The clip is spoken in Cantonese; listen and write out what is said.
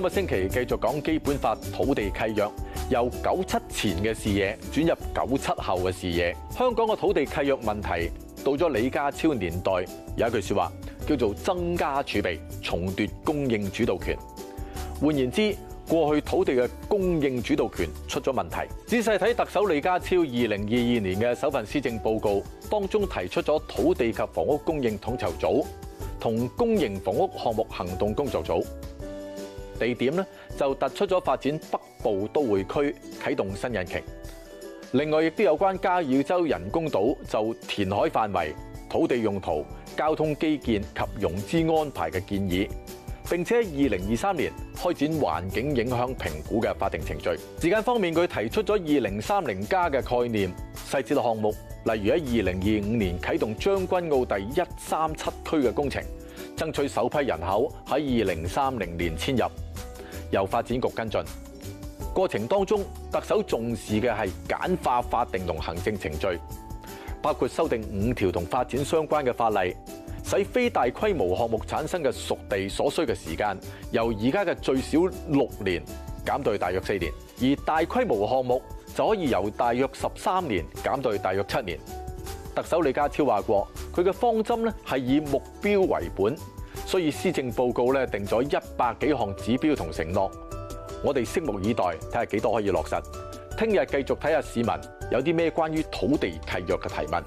今個星期繼續講基本法、土地契約，由九七前嘅視野轉入九七後嘅視野。香港嘅土地契約問題到咗李家超年代，有一句說話叫做“增加儲備，重奪供應主導權”。換言之，過去土地嘅供應主導權出咗問題。仔細睇，特首李家超二零二二年嘅首份施政報告當中，提出咗土地及房屋供應統籌組同公營房屋項目行動工作組。地點咧就突出咗發展北部都會區，啟動新引擎。另外，亦都有關交椅洲人工島就填海範圍、土地用途、交通基建及融資安排嘅建議，並且二零二三年開展環境影響評估嘅法定程序。時間方面，佢提出咗二零三零加嘅概念，細節項目例如喺二零二五年啟動將軍澳第一三七區嘅工程，爭取首批人口喺二零三零年遷入。由發展局跟進。過程當中，特首重視嘅係簡化法定同行政程序，包括修訂五條同發展相關嘅法例，使非大規模項目產生嘅熟地所需嘅時間，由而家嘅最少六年減到大約四年，而大規模項目就可以由大約十三年減到大約七年。特首李家超話過，佢嘅方針呢係以目標為本。所以施政報告咧定咗一百幾項指標同承諾，我哋拭目以待，睇下幾多可以落實。聽日繼續睇下市民有啲咩關於土地契約嘅提問。